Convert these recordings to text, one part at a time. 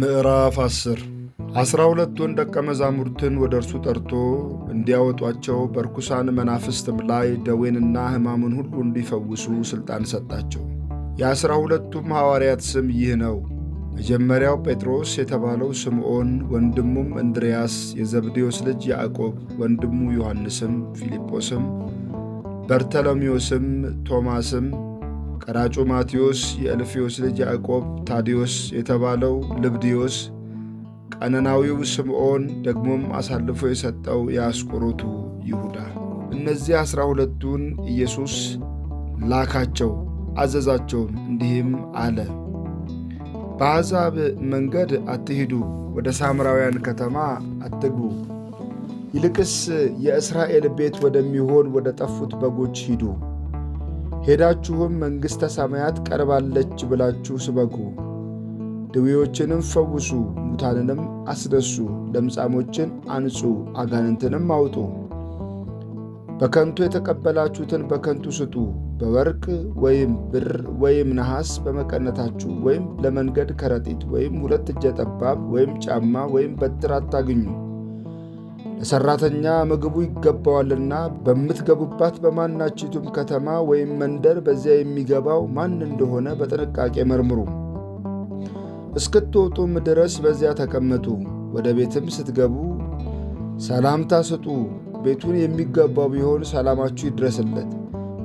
ምዕራፍ 10 አስራ ሁለቱን ደቀ መዛሙርትን ወደ እርሱ ጠርቶ እንዲያወጧቸው በርኩሳን መናፍስትም ላይ ደዌንና ሕማምን ሁሉ እንዲፈውሱ ሥልጣን ሰጣቸው። የአስራ ሁለቱም ሐዋርያት ስም ይህ ነው። መጀመሪያው ጴጥሮስ የተባለው ስምዖን፣ ወንድሙም እንድርያስ፣ የዘብዴዎስ ልጅ ያዕቆብ፣ ወንድሙ ዮሐንስም፣ ፊልጶስም፣ በርተሎሜዎስም፣ ቶማስም ቀራጩ ማቴዎስ፣ የእልፌዎስ ልጅ ያዕቆብ፣ ታዲዮስ የተባለው ልብድዮስ፣ ቀነናዊው ስምዖን፣ ደግሞም አሳልፎ የሰጠው የአስቆሮቱ ይሁዳ። እነዚህ ዐሥራ ሁለቱን ኢየሱስ ላካቸው አዘዛቸውም፣ እንዲህም አለ። በአሕዛብ መንገድ አትሂዱ፣ ወደ ሳምራውያን ከተማ አትግቡ። ይልቅስ የእስራኤል ቤት ወደሚሆን ወደ ጠፉት በጎች ሂዱ። ሄዳችሁም መንግሥተ ሰማያት ቀርባለች ብላችሁ ስበኩ። ድዌዎችንም ፈውሱ፣ ሙታንንም አስነሱ፣ ለምጻሞችን አንጹ፣ አጋንንትንም አውጡ። በከንቱ የተቀበላችሁትን በከንቱ ስጡ። በወርቅ ወይም ብር ወይም ነሐስ በመቀነታችሁ ወይም ለመንገድ ከረጢት ወይም ሁለት እጀ ጠባብ ወይም ጫማ ወይም በትር አታግኙ። ለሠራተኛ ምግቡ ይገባዋልና በምትገቡባት በማናችቱም ከተማ ወይም መንደር በዚያ የሚገባው ማን እንደሆነ በጥንቃቄ መርምሩ። እስክትወጡም ድረስ በዚያ ተቀመጡ። ወደ ቤትም ስትገቡ ሰላምታ ስጡ። ቤቱን የሚገባው ቢሆን ሰላማችሁ ይድረስለት፣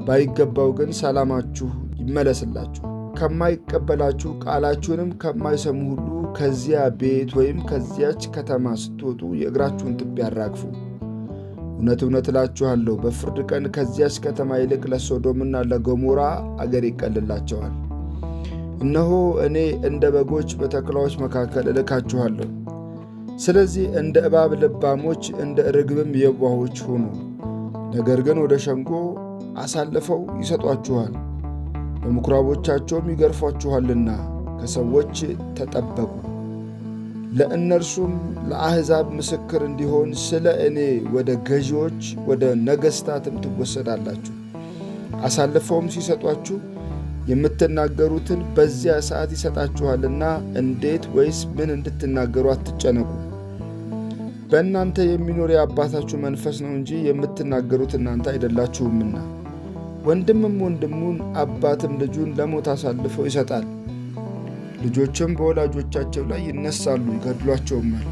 ባይገባው ግን ሰላማችሁ ይመለስላችሁ። ከማይቀበላችሁ ቃላችሁንም ከማይሰሙ ሁሉ ከዚያ ቤት ወይም ከዚያች ከተማ ስትወጡ የእግራችሁን ትቢያ አራግፉ። እውነት እውነት እላችኋለሁ በፍርድ ቀን ከዚያች ከተማ ይልቅ ለሶዶምና ለገሞራ አገር ይቀልላቸዋል። እነሆ እኔ እንደ በጎች በተኩላዎች መካከል እልካችኋለሁ። ስለዚህ እንደ እባብ ልባሞች፣ እንደ ርግብም የዋሆች ሁኑ። ነገር ግን ወደ ሸንጎ አሳልፈው ይሰጧችኋል፣ በምኵራቦቻቸውም ይገርፏችኋልና ከሰዎች ተጠበቁ። ለእነርሱም ለአሕዛብ ምስክር እንዲሆን ስለ እኔ ወደ ገዢዎች ወደ ነገሥታትም ትወሰዳላችሁ፣ አሳልፈውም ሲሰጧችሁ የምትናገሩትን በዚያ ሰዓት ይሰጣችኋልና እንዴት ወይስ ምን እንድትናገሩ አትጨነቁ። በእናንተ የሚኖር የአባታችሁ መንፈስ ነው እንጂ የምትናገሩት እናንተ አይደላችሁምና። ወንድምም ወንድሙን አባትም ልጁን ለሞት አሳልፈው ይሰጣል። ልጆችም በወላጆቻቸው ላይ ይነሳሉ ይገድሏቸውማል።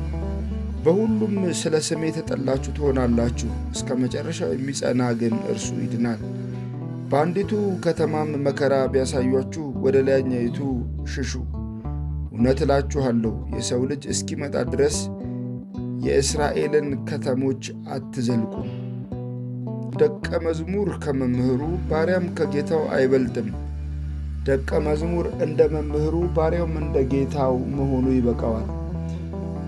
በሁሉም ስለ ስሜ የተጠላችሁ ትሆናላችሁ፣ እስከ መጨረሻው የሚጸና ግን እርሱ ይድናል። በአንዲቱ ከተማም መከራ ቢያሳያችሁ ወደ ሌላኛይቱ ሽሹ። እውነት እላችኋለሁ የሰው ልጅ እስኪመጣ ድረስ የእስራኤልን ከተሞች አትዘልቁም። ደቀ መዝሙር ከመምህሩ ባሪያም ከጌታው አይበልጥም። ደቀ መዝሙር እንደ መምህሩ ባሪያውም እንደ ጌታው መሆኑ ይበቃዋል።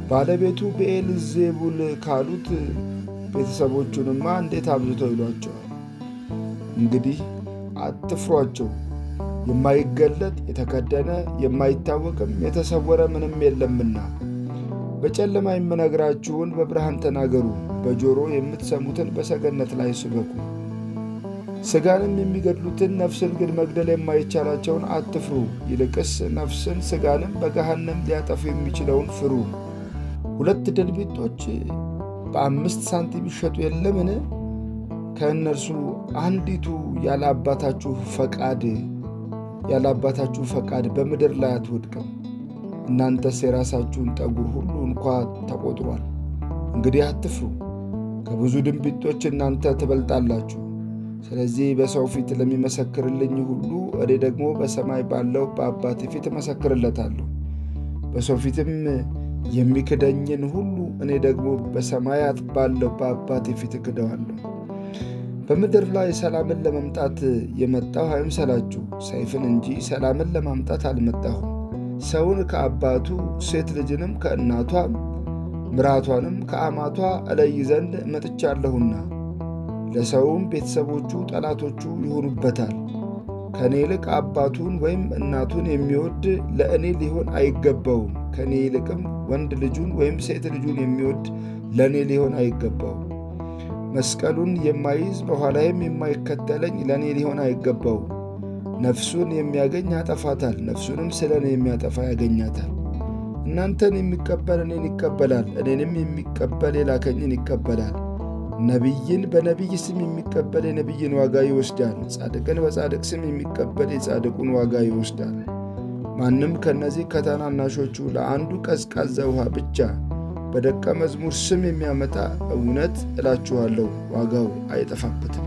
ባለቤቱ ብዔልዜቡል ካሉት ቤተሰቦቹንማ እንዴት አብዝተው ይሏቸዋል። እንግዲህ አትፍሯቸው። የማይገለጥ የተከደነ የማይታወቅም የተሰወረ ምንም የለምና በጨለማ የምነግራችሁን በብርሃን ተናገሩ፣ በጆሮ የምትሰሙትን በሰገነት ላይ ስበኩ። ስጋንም የሚገድሉትን ነፍስን ግን መግደል የማይቻላቸውን አትፍሩ። ይልቅስ ነፍስን ስጋንም በገሃነም ሊያጠፉ የሚችለውን ፍሩ። ሁለት ድንቢጦች በአምስት ሳንቲም ይሸጡ የለምን? ከእነርሱ አንዲቱ ያለ አባታችሁ ፈቃድ ያለ አባታችሁ ፈቃድ በምድር ላይ አትወድቅም። እናንተስ የራሳችሁን ጠጉር ሁሉ እንኳ ተቆጥሯል። እንግዲህ አትፍሩ፣ ከብዙ ድንቢጦች እናንተ ትበልጣላችሁ። ስለዚህ በሰው ፊት ለሚመሰክርልኝ ሁሉ እኔ ደግሞ በሰማይ ባለው በአባቴ ፊት እመሰክርለታለሁ። በሰው ፊትም የሚክደኝን ሁሉ እኔ ደግሞ በሰማያት ባለው በአባቴ ፊት እክደዋለሁ። በምድር ላይ ሰላምን ለመምጣት የመጣሁ አይምሰላችሁ፣ ሰይፍን እንጂ ሰላምን ለማምጣት አልመጣሁም። ሰውን ከአባቱ ሴት ልጅንም ከእናቷ ምራቷንም ከአማቷ እለይ ዘንድ መጥቻለሁና ለሰውም ቤተሰቦቹ ጠላቶቹ ይሆኑበታል። ከእኔ ይልቅ አባቱን ወይም እናቱን የሚወድ ለእኔ ሊሆን አይገባውም። ከእኔ ይልቅም ወንድ ልጁን ወይም ሴት ልጁን የሚወድ ለእኔ ሊሆን አይገባውም። መስቀሉን የማይዝ በኋላይም የማይከተለኝ ለእኔ ሊሆን አይገባውም። ነፍሱን የሚያገኝ ያጠፋታል፣ ነፍሱንም ስለ እኔ የሚያጠፋ ያገኛታል። እናንተን የሚቀበል እኔን ይቀበላል፣ እኔንም የሚቀበል የላከኝን ይቀበላል። ነቢይን በነቢይ ስም የሚቀበል የነቢይን ዋጋ ይወስዳል፣ ጻድቅን በጻድቅ ስም የሚቀበል የጻድቁን ዋጋ ይወስዳል። ማንም ከእነዚህ ከታናናሾቹ ለአንዱ ቀዝቃዛ ውሃ ብቻ በደቀ መዝሙር ስም የሚያመጣ እውነት እላችኋለሁ ዋጋው አይጠፋበትም።